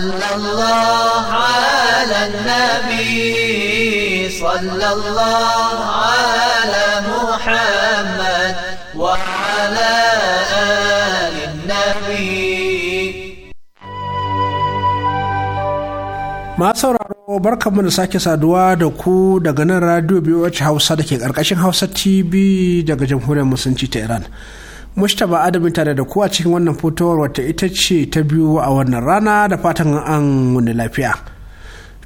صلى الله على النبي صلى الله على محمد وعلى آل النبي ما sauraro barkanmu da sake saduwa da ku daga nan radio BOH Hausa da ke ƙarƙashin Hausa TV daga Jamhuriyar Musulunci ta Iran. Mustapha Adamu tare da kowa cikin wannan fotowar wata ita ce ta biyu a wannan rana da fatan an wani lafiya.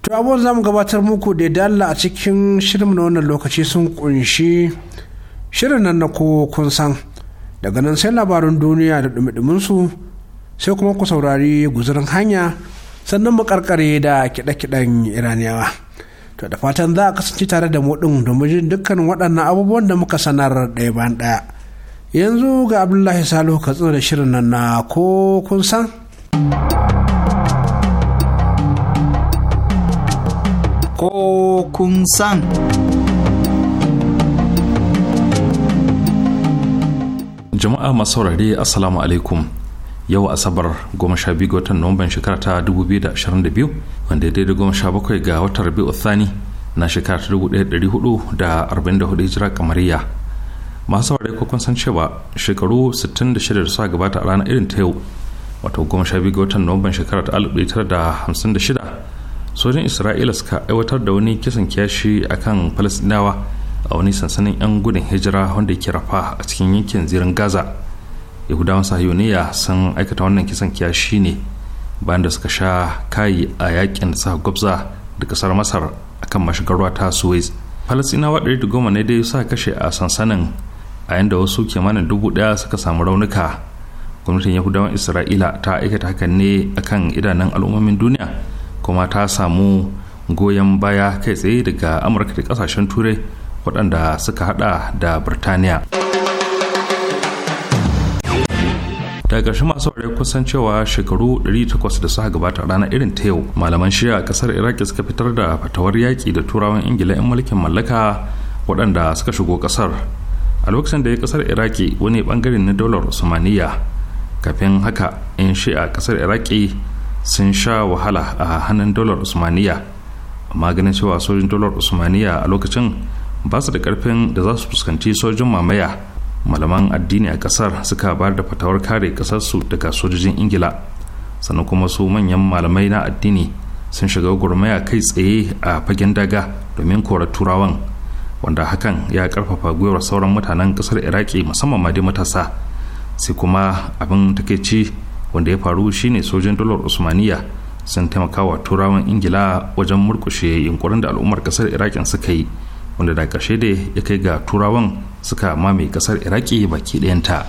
To abubuwan zamu gabatar muku da dalla a cikin shirin na wannan lokaci sun kunshi shirin nan na ko kun san daga nan sai labarin duniya da dumidumin su sai kuma ku saurari guzurin hanya sannan mu karkare da kiɗe-kiɗen iraniyawa. To da fatan za a kasance tare da mu ɗin domin dukkan waɗannan abubuwan da muka sanar ɗaya bayan ɗaya. yanzu ga abdullahi salo ka da shirin nan na ko kun san ko kun san jama'a masu saurare assalamu alaikum yau asabar 12 ga watan nuwamban shekara ta 2022 wanda daidai goma sha bakwai ga watan rabi'u thani na shekara ta 1444 hijira kamariya masu saurare ko kun san cewa shekaru 66 da suka gabata a ranar irin ta yau wato goma sha biyu ga watan nuwamban shekarar 1956 sojin isra'ila suka aiwatar da wani kisan kiyashi a kan falasdinawa a wani sansanin 'yan gudun hijira wanda ke rafa a cikin yankin zirin gaza yahudawan sahiyoniya sun aikata wannan kisan kiyashi ne bayan da suka sha kayi a yakin da suka gwabza da kasar masar akan mashigar ruwa ta suez falasinawa 110 ne dai sa kashe a sansanin a yadda wasu kimanin dubu daya suka samu raunuka gwamnatin yahudawan isra'ila ta aikata hakan ne akan idanun al'ummomin duniya kuma ta samu goyon baya kai tsaye daga amurka da kasashen turai waɗanda suka hada da birtaniya daga ƙarshen masu ware kusan cewa shekaru 800 da suka gabata ranar irin ta yau malaman shiya a ƙasar iraki suka fitar da fatawar yaƙi da turawan ingila 'yan mulkin mallaka waɗanda suka shigo ƙasar a lokacin da ya kasar iraki wani bangare na dolar usmaniya kafin haka yan shi'a kasar iraki sun sha wahala a hannun dolar usmaniya amma ganin cewa sojin dolar usmaniya a lokacin ba su da karfin da za su fuskanci sojin mamaya malaman addini a kasar suka bayar da fatawar kare kasarsu daga sojojin ingila sannan kuma su manyan malamai na addini sun shiga gurmaya kai tsaye a fagen daga domin kora turawan wanda hakan ya karfafa gwiwar sauran mutanen kasar iraki musamman ma dai matasa sai kuma abin takeici wanda ya faru shine sojin dalar usmaniya sun taimaka wa turawan ingila wajen murkushe yunkurin da al'ummar kasar iraki suka yi wanda da ƙarshe da ya kai ga turawan suka mame kasar iraki baki ɗayanta.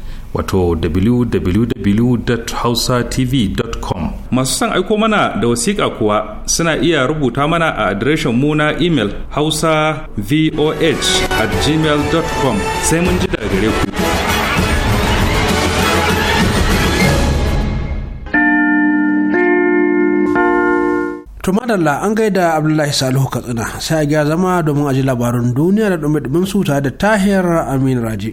wato www.hausatv.com masu son aiko mana da wasiƙa kuwa suna iya rubuta mana a adireshin mu na imel hausa sai mun ji daga gare ku tumadalla an gaida abdullahi salihu katsina sai a gya zama domin ji labarin duniya da dumi su tare da tahir amin raji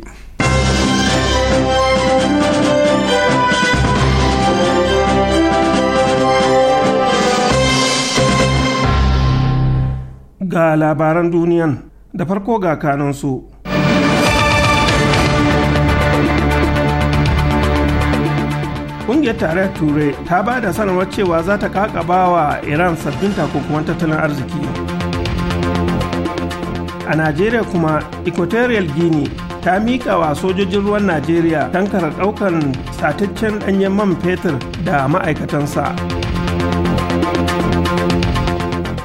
ga labaran duniyan da farko ga kanansu. Ƙungiyar tarayyar Turai ta ba da sanarwar cewa za ta kakaba wa Iran sabbin takunkuman tattalin arziki. A Najeriya kuma Equatorial Guinea ta miƙa wa sojojin ruwan Najeriya tankar ɗaukar sataccen ɗanyen man fetur da ma'aikatansa.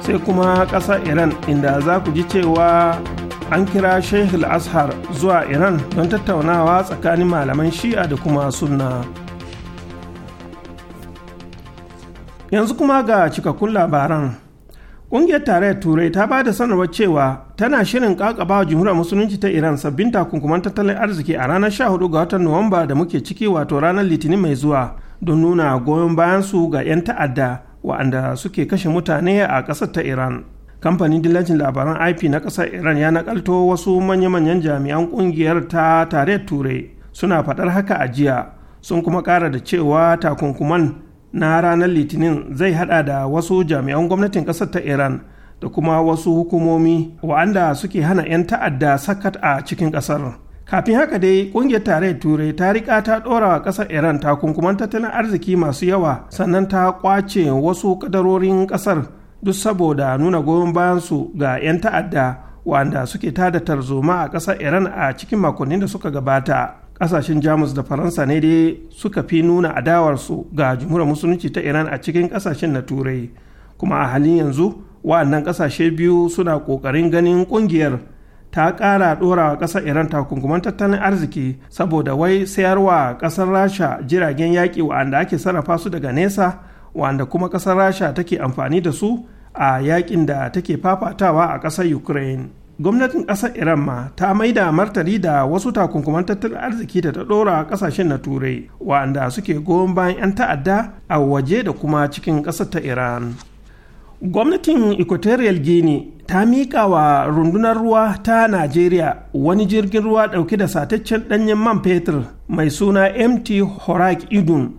sai kuma ƙasar iran inda za ku ji cewa an kira shehul ashar zuwa iran don tattaunawa tsakanin malaman shi'a da kuma sunna yanzu kuma ga cikakkun labaran ƙungiyar tarayyar turai ta ba da sanarwar cewa tana shirin kakaba wa jimhuriyar musulunci ta iran sabbin takunkuman tattalin arziki a ranar 14 ga watan nuwamba da muke ciki wato ranar litinin mai zuwa don nuna goyon bayan su ga 'yan ta'adda wa'anda suke kashe mutane a ƙasar ta iran kamfanin dillacin labaran ip na ƙasar iran ya naƙalto wasu manya-manyan jami'an ƙungiyar ta tare turai suna faɗar haka a jiya sun kuma ƙara da cewa takunkuman na ranar litinin zai haɗa da wasu jami'an gwamnatin ƙasar ta iran da kuma wasu hukumomi wa'anda suke hana 'yan ta'adda sakat a cikin ƙasar kafin haka dai kungiyar tarayyar turai ta rika ta dora wa kasar iran takunkuman tattalin arziki masu yawa sannan ta kwace wasu kadarorin kasar duk saboda nuna goyon bayansu ga 'yan ta'adda wanda suke tada tarzoma a kasar iran a cikin makonnin da suka gabata kasashen jamus da faransa ne dai suka fi nuna adawarsu ga jumhuriyar musulunci ta iran a cikin kasashen na turai kuma a halin yanzu wa'annan kasashe biyu suna kokarin ganin ƙungiyar. ta ƙara ɗorawa ƙasar iran takunkuman tattalin arziki saboda wai sayarwa ƙasar rasha jiragen yaƙi wa'anda ake sarrafa su daga nesa wa'anda kuma ƙasar rasha take amfani da su a yaƙin da take fafatawa a ƙasar ukraine gwamnatin ƙasar iran ma ta maida martani da wasu takunkuman tattalin arziki da ta ɗora ƙasashen na turai wa'anda suke goyon bayan 'yan ta'adda a waje da kuma cikin ƙasar ta iran gwamnatin equatorial guinea ta miƙa wa rundunar ruwa ta nigeria wani jirgin ruwa ɗauke da sataccen ɗanyen man fetur mai suna mt horak idun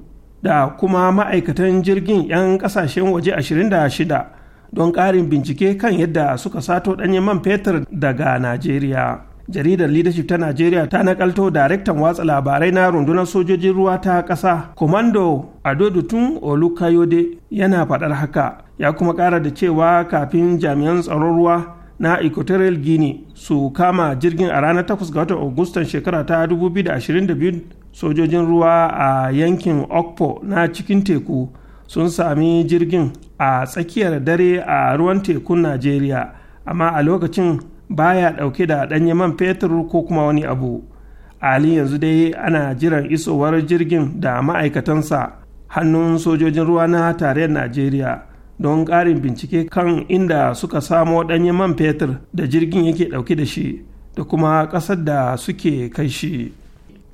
da kuma ma'aikatan jirgin 'yan ƙasashen waje 26 don ƙarin bincike kan yadda suka sato ɗanyen man fetur daga nigeria. jaridar leadership ta najeriya ta nakalto daraktan watsa labarai na rundunar sojojin ruwa ta ƙasa komando adodutun olukayode yana faɗar haka ya kuma ƙara da cewa kafin jami'an tsaron ruwa na equatorial guinea su kama jirgin a ranar 8 ga watan agustan shekara ta 2022 sojojin ruwa a yankin okpo na cikin teku sun sami jirgin a tsakiyar dare a ruwan tekun najeriya amma a lokacin baya ɗauke da ɗanye man fetur ko kuma wani abu ali yanzu dai ana jiran isowar jirgin da ma'aikatansa hannun sojojin ruwa na tarayyar najeriya don ƙarin bincike kan inda suka samo ɗanye man fetur da jirgin yake ɗauke da shi da kuma ƙasar da suke kai shi.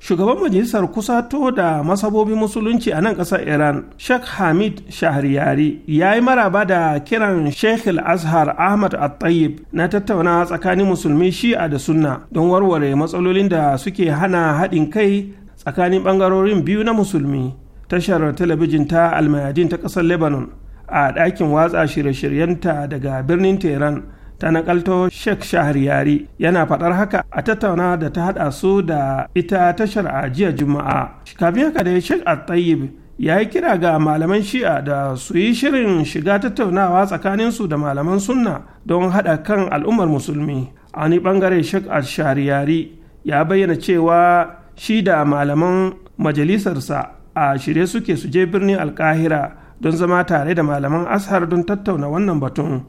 shugaban majalisar kusa to da masabobin musulunci a nan ƙasar iran sheikh hamid shahriyari ya yi maraba da kiran sheikh azhar ahmad at-tayyib na tattauna tsakanin musulmi shi'a da sunna don warware matsalolin da suke hana haɗin kai tsakanin ɓangarorin biyu na musulmi tashar talabijin ta almayadin ta ƙasar lebanon a ɗakin watsa shirye-shiryenta daga birnin tehran ta nakalto Sheikh Shahriyari yana faɗar haka a tattauna da ta haɗa su da ita tashar a jiya Juma'a. Kafin haka dai Sheikh At-Tayyib ya yi kira ga malaman shi'a da su yi shirin shiga tattaunawa tsakanin su da malaman sunna don haɗa kan al'ummar musulmi. A wani ɓangare Sheikh Shahriyari ya bayyana cewa shi da malaman majalisarsa a shirye suke su je birnin alkahira don zama tare da malaman ashar don tattauna wannan batun.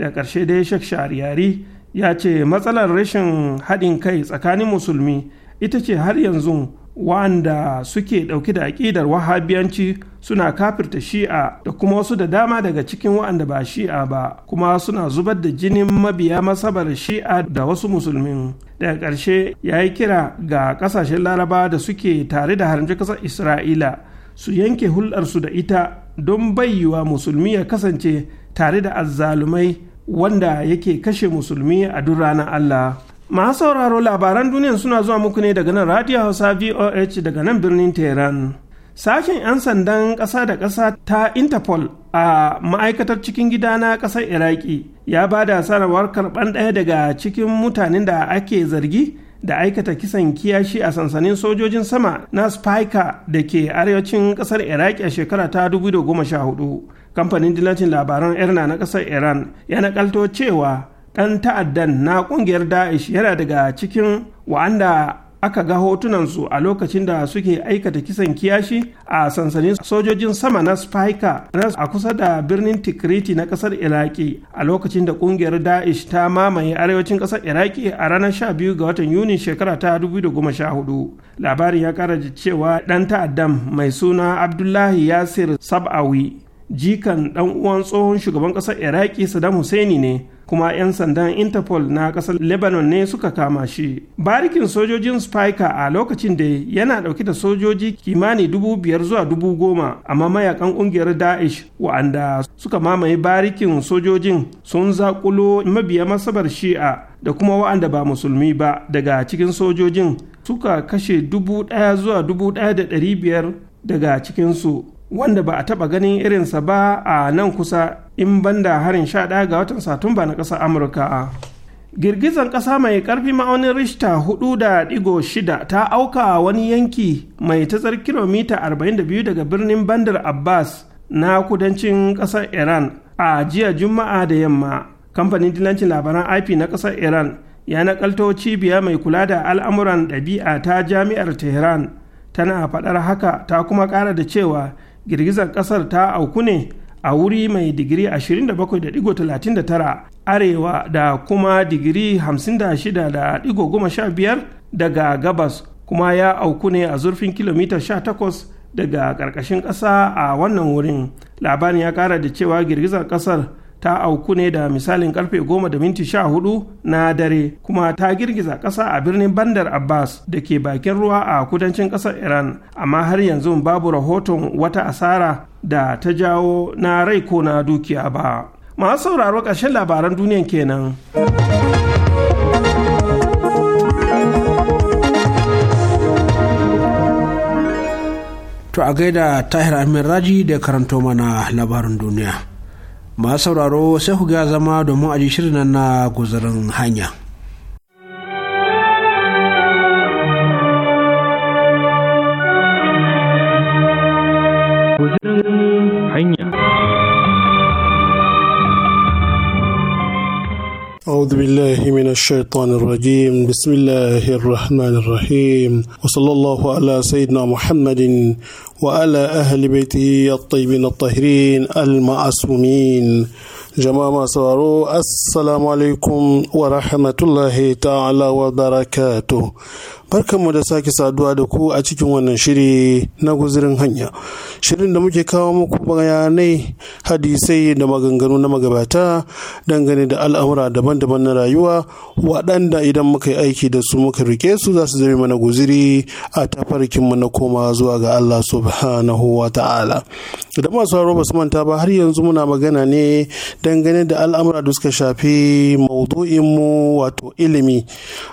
da ƙarshe dai shek yari ya ce matsalar rashin haɗin kai tsakanin musulmi ita ce har yanzu wanda suke ɗauki da aƙidar wahabiyanci suna kafirta shi'a da kuma wasu da dama daga cikin wa'anda ba shi'a ba kuma suna zubar da jinin mabiya masabar shi'a da wasu musulmin daga ƙarshe ya yi kira ga ƙasashen laraba da suke tare da haramci ƙasar isra'ila su yanke hulɗarsu da ita don bayyuwa musulmi ya kasance tare da azzalumai wanda yake kashe musulmi a duk ranar Allah. Masu sauraro labaran duniya suna zuwa muku ne daga nan Radio Hausa VOH daga nan birnin Tehran. Sashen 'yan sandan ƙasa da ƙasa ta Interpol a ma'aikatar cikin gida na ƙasar Iraki ya ba da sanarwar karɓan ɗaya daga cikin mutanen da ake zargi da aikata kisan kiyashi a sansanin sojojin sama na Spiker da ke arewacin ƙasar Iraki a shekara ta 2014. kamfanin dillacin labaran irna na ƙasar iran ya nakalto cewa ɗan ta'addan na ƙungiyar da'ish yana daga cikin wa'anda aka ga hotunansu a lokacin da suke aikata kisan kiyashi a sansanin sojojin sama na spika a kusa da birnin tikriti na kasar iraki a lokacin da kungiyar Da'ish ta mamaye arewacin kasar iraki a ranar 12 ga watan yuni shekara ta 2014 labarin ya kara cewa dan ta'addan mai suna abdullahi yasir sab'awi jikan dan uwan tsohon shugaban kasar iraki saddam husaini ne kuma 'yan sandan interpol na kasar lebanon ne suka kama shi barikin sojojin spiker a lokacin da yana dauke da sojoji kimani dubu biyar zuwa dubu goma amma mayakan kungiyar daesh wa'anda suka mamaye barikin sojojin sun zakulo mabiya masabar shi'a da kuma wa'anda ba musulmi ba daga cikin sojojin suka kashe dubu daya zuwa dubu daya da dari biyar daga cikinsu wanda ba a taɓa ganin irinsa ba a nan kusa in banda harin sha ɗaya ga watan satumba na ƙasar amurka girgizan ƙasa mai ƙarfi ma'aunin rishta 4.6 ta auka wani yanki mai tazar kilomita 42 daga birnin bandar abbas na kudancin ƙasar iran a jiya juma'a da yamma kamfanin dilancin labaran ip na ƙasar iran ya nakalto cibiya mai kula da al'amuran ɗabi'a ta jami'ar tehran tana faɗar haka ta kuma ƙara da cewa girgizar kasar ta auku ne a wuri mai digiri 27.39 arewa da kuma digiri 56.15 daga gabas kuma ya auku ne a zurfin kilomita 18 daga ƙarƙashin ƙasa a wannan wurin labarin ya ƙara da cewa girgizar ƙasar ta auku ne da misalin karfe 10:14 na dare kuma ta girgiza ƙasa a birnin bandar abbas da ke bakin ruwa a kudancin ƙasar iran amma har yanzu babu rahoton wata asara da ta jawo na rai ko na dukiya ba masu sauraro ƙarshen labaran duniyan kenan. To a gaida Tahir Amir Raji da karanto mana labarin duniya. masu sauraro sai ku ga zama domin a ji shirin na guzarin hanya. أعوذ بالله من الشيطان الرجيم بسم الله الرحمن الرحيم وصلى الله على سيدنا محمد وعلى أهل بيته الطيبين الطاهرين المعصومين جماعة صاروا السلام عليكم ورحمة الله تعالى وبركاته mu da sake saduwa da ku a cikin wannan shiri na guzirin hanya. Shirin da muke kawo muku bayanai hadisai da maganganu na magabata dangane da al'amura daban-daban na rayuwa waɗanda idan muka yi aiki da su muka rike su za su zama mana guziri a tafarkinmu na koma zuwa ga Allah subhanahu wa ta'ala. Da masu haro ba manta ba har yanzu muna magana ne dangane da al'amura da suka shafi maudu'inmu wato ilimi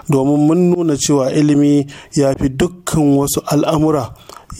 domin mun nuna cewa ilimi ilimi ya fi dukkan wasu al'amura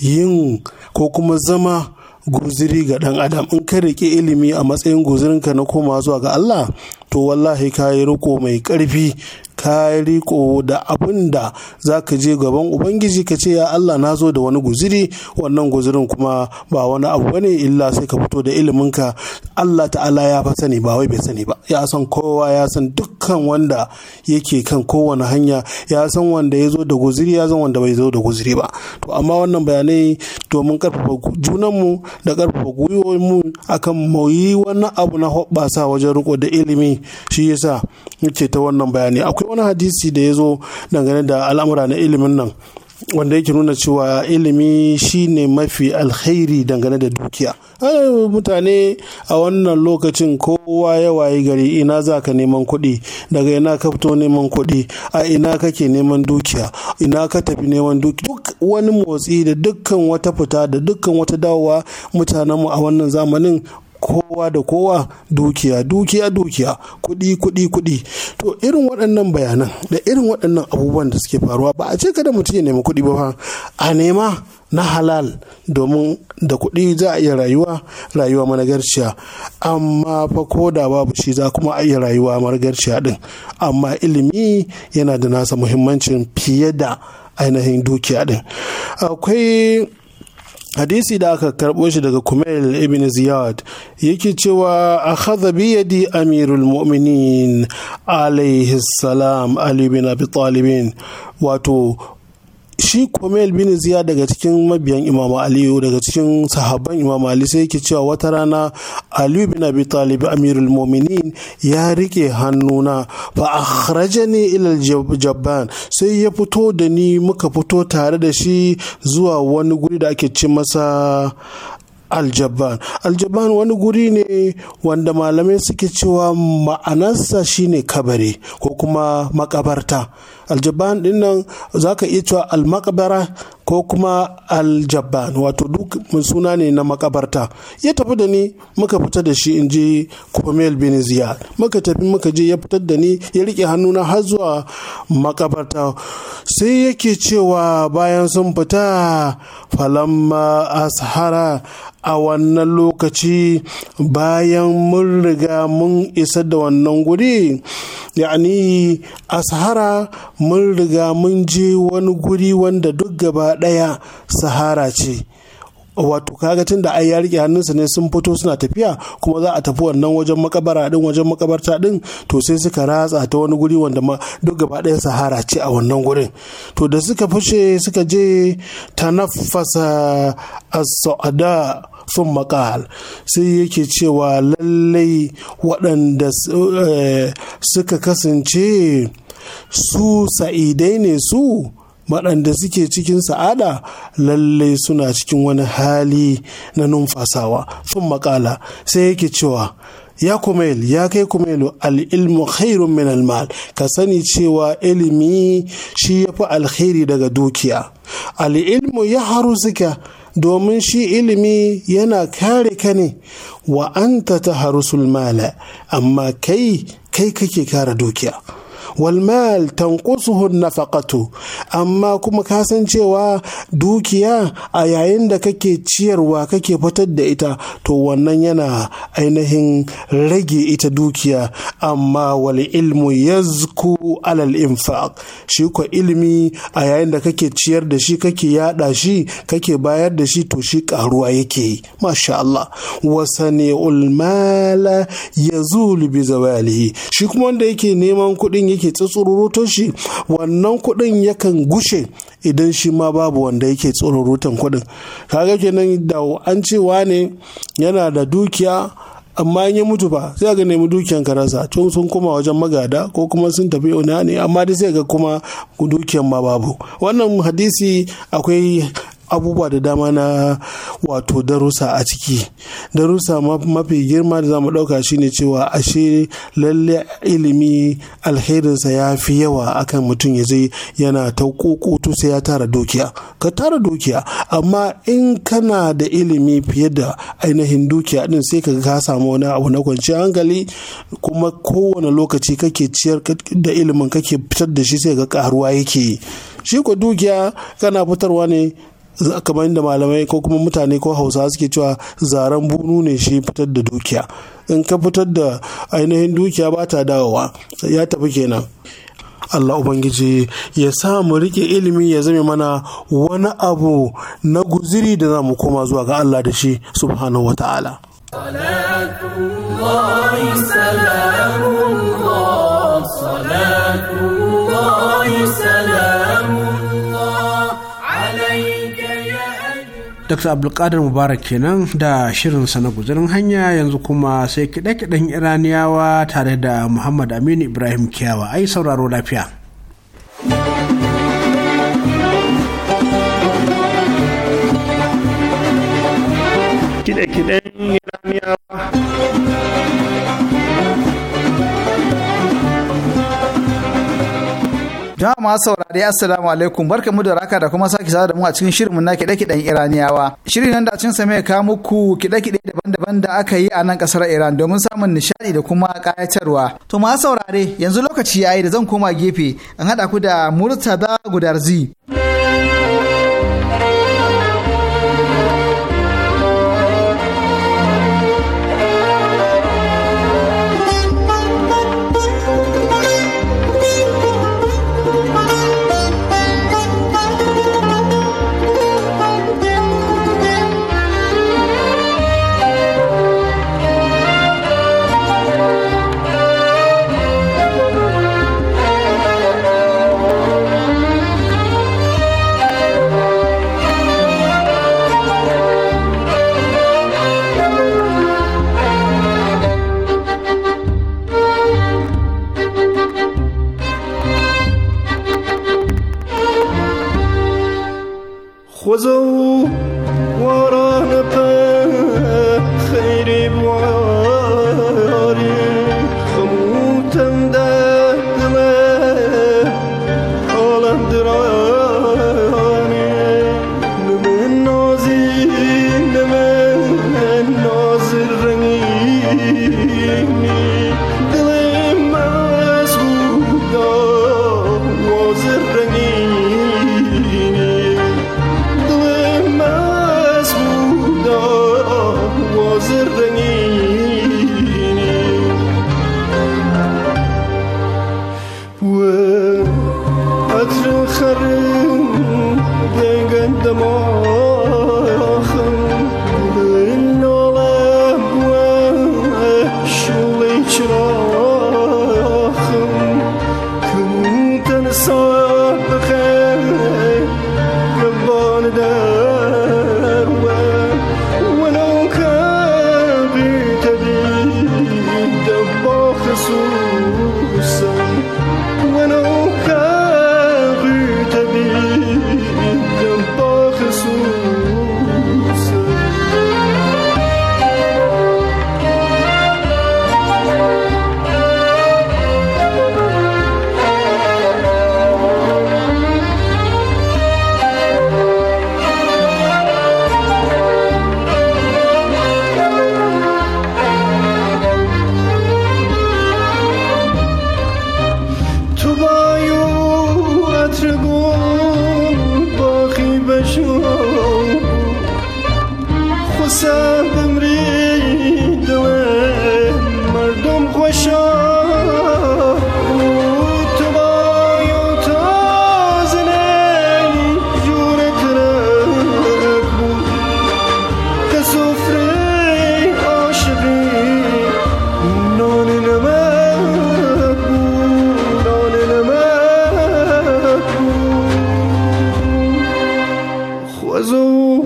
yin ko kuma zama guziri ga ɗan adam in ka riƙe ilimi a matsayin guzirinka na koma zuwa ga Allah to wallahi ka yi riko mai ƙarfi ka riko da abin da za ka je gaban ubangiji ka ce ya allah na zo da wani guziri wannan guzirin kuma ba wani abu bane illa sai ka fito da iliminka allah ta'ala ya fa sani ba wai bai sani ba ya san kowa ya san dukkan wanda yake kan kowane hanya ya san wanda ya zo da guziri ya san wanda bai zo da guziri ba to amma wannan bayanai domin karfafa junanmu da karfafa mu akan mu yi wani abu na hoɓɓasa wajen riko da ilimi shi yasa muke ta wannan bayani akwai wani hadisi da ya zo dangane da al'amura na ilimin nan wanda yake nuna cewa ilimi shine mafi alkhairi dangane da dukiya mutane a wannan lokacin kowa ya wayi gari ina za ka neman kuɗi daga ina ka fito neman kuɗi a ina kake neman dukiya ina ka tafi neman dukiya duk wani motsi da dukkan wata fita da dukkan wata dawowa mutanenmu a wannan zamanin kowa da kowa dukiya dukiya dukiya kuɗi kuɗi kuɗi to irin waɗannan bayanan da irin waɗannan abubuwan da suke faruwa ba a ce kada mutum ya nemi kuɗi ba fa a nema na halal domin da kuɗi za a iya rayuwa rayuwa managarciya amma fa ko da babu shi za kuma a iya rayuwa managarciya din amma ilimi yana da nasa muhimmancin fiye da ainihin dukiya din akwai hadisi da aka karɓo shi daga kumail ibn ziyad yake cewa a haza biyadi amirul mu'minin alaihi salam ali bin abi talibin wato shi komel bin ziya daga cikin mabiyan imam aliyu daga cikin sahaban imam ali sai yake cewa wata rana aliyu bin abi talib amirul mominin ya rike hannuna fa ne ila jabban sai ya fito da ni muka fito tare da shi zuwa wani guri da ake ci masa aljabban aljabban wani guri ne wanda malamai suke cewa ma'anarsa shine kabari ko kuma makabarta aljabban dinnan za ka iya cewa almakabara ko kuma aljabban wato duk suna ne na makabarta ya tafi da ni muka fita da shi in je kufamel bin muka tafi muka je ya fitar da ni ya rike hannuna har zuwa makabarta sai yake cewa bayan sun fita falamma ashara a wannan lokaci bayan mun riga mun isa da wannan guri yani ashara mun riga mun je wani guri wanda duk gaba ɗaya sahara ce wato kaga tun da ai ya rike hannunsa ne sun fito suna tafiya kuma za a tafi wannan wajen makabara din wajen makabarta din to sai suka ratsa ta wani guri wanda ma duk gaba ɗaya sahara ce a wannan gurin to da suka fushe suka je ta nafasa as-sa'ada sun makal sai yake cewa lallai waɗanda eh, suka kasance su sa'idai ne su waɗanda suke cikin sa'ada lallai suna cikin wani hali na numfasawa sun makala sai yake cewa ya kumail ya kai kumailu al'ilmu khairun min almal ka sani cewa ilimi shi ya fi alkhairi daga dukiya al'ilmu ya haru zika domin shi ilimi yana kare ka ne wa'anta ta haru sulmala amma kai kai kake kare dukiya walmal tanqusuhu nafaqatu amma kuma ka san cewa dukiya a yayin da kake ciyarwa kake fitar da ita to wannan yana ainihin rage ita dukiya amma wal ilmu yazku alal infaq shi ko ilimi a yayin da kake ciyar da shi kake yada shi kake bayar da shi to shi karuwa yake masha Allah wasani ulmala yazulu bi zawalihi shi kuma wanda yake neman kuɗin yake shi wannan kuɗin yakan gushe idan shi ma babu wanda yake tsorurutan kuɗin kaga kenan da an cewa ne yana da dukiya amma in ya mutu ba sai ga nemi dukiyan karasa tun sun koma wajen magada ko kuma sun tafi ona ne amma dai sai ga kuma dukiyan ma babu wannan hadisi akwai abubuwa da dama na wato darussa a ciki darussa mafi girma da zamu mu ɗauka shine cewa ashe lalle ilimi alherinsa ya fi yawa akan mutum ya zai yana ta kokoto sai ya tara dukiya ka tara dukiya amma in kana da ilimi fiye da ainihin dukiya din sai ka ka samu wani abu na kwanciyar hankali kuma kowane lokaci kake ciyar da ilimin kake fitar da shi sai ga karuwa yake shi ko dukiya kana fitarwa ne kamar yadda malamai ko kuma mutane ko hausa suke cewa zaren bunu ne shi fitar da dukiya in ka fitar da ainihin dukiya ba ta dawowa ya tafi kenan Allah Ubangiji ya sa mu rike ilimi ya zame mana wani abu na guziri da za mu koma zuwa ga Allah da shi subhanahu wa ta'ala. dr abdulkadir mubarak kenan da shirinsa na guzurin hanya yanzu kuma sai kiɗe-kiɗen iraniyawa tare da muhammad aminu ibrahim kiyawa ai sauraro lafiya kiɗe-kiɗen iraniyawa Jama'a masu saurari assalamu alaikum barkamu da raka da kuma sake sada da mu a cikin shirinmu na kiɗe-kiɗen Iraniyawa. Shirin nan da cin sa mai kawo muku kiɗe-kiɗe daban-daban da aka yi a nan ƙasar Iran domin samun nishaɗi da kuma kayatarwa. To masu saurare yanzu lokaci yayi da zan koma gefe an haɗa ku da Murtada Gudarzi. Gostoso!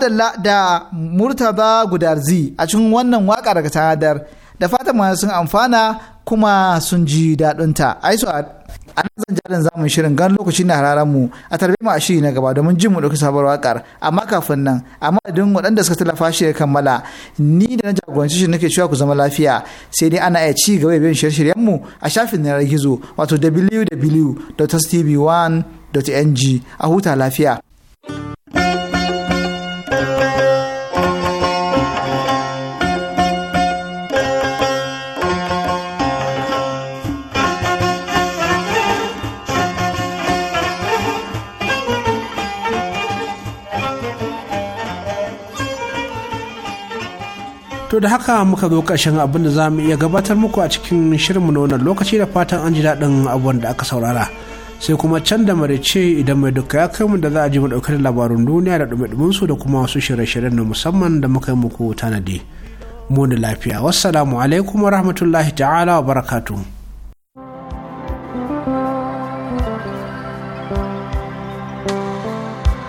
madalla da murtaba gudarzi a cikin wannan waka daga tanadar da fatan masu sun amfana kuma sun ji daɗinta ai su a nan zan jarin zamun shirin gan lokaci na hararen mu a tarbe mu a shiri na gaba domin jin mu ɗauki sabuwar wakar amma kafin nan amma idan waɗanda suka tallafa shi ya kammala ni da na jagoranci shi nake cewa ku zama lafiya sai dai ana iya ci gaba bin shirye-shiryen mu a shafin yanar gizo wato www.tv1.ng a huta lafiya. da haka muka zo ƙarshen abin da za mu iya gabatar muku a cikin shirinmu na lokaci da fatan an ji daɗin abubuwan da aka saurara sai kuma can da marice idan mai duka ya kai mu da za a ji mu ɗauke labarun duniya da ɗume su da kuma wasu shirye-shiryen na musamman da muka yi muku tanadi mu da lafiya wassalamu alaikum wa rahmatullahi ta'ala wa barakatu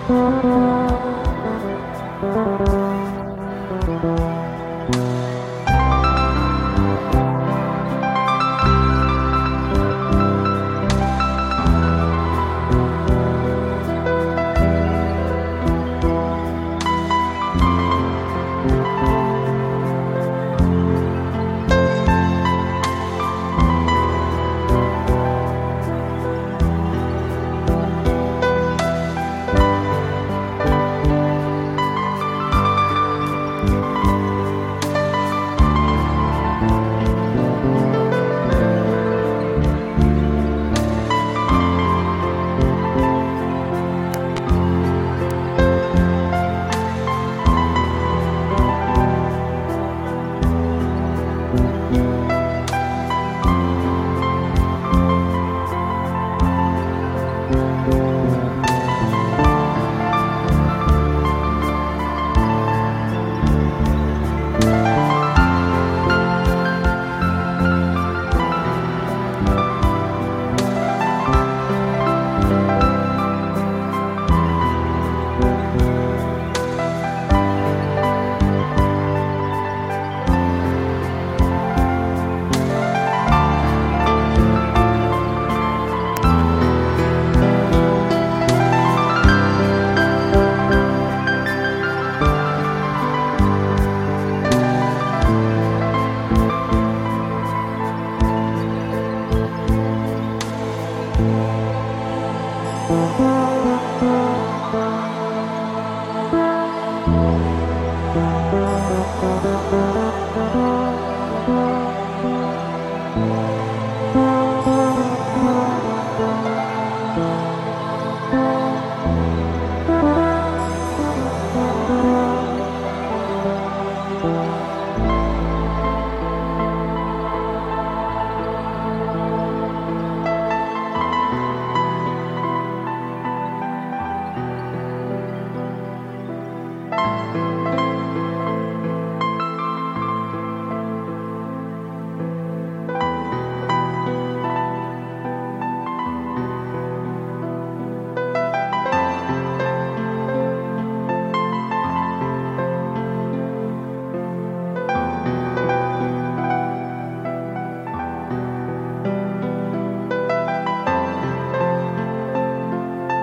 thank you Thank you.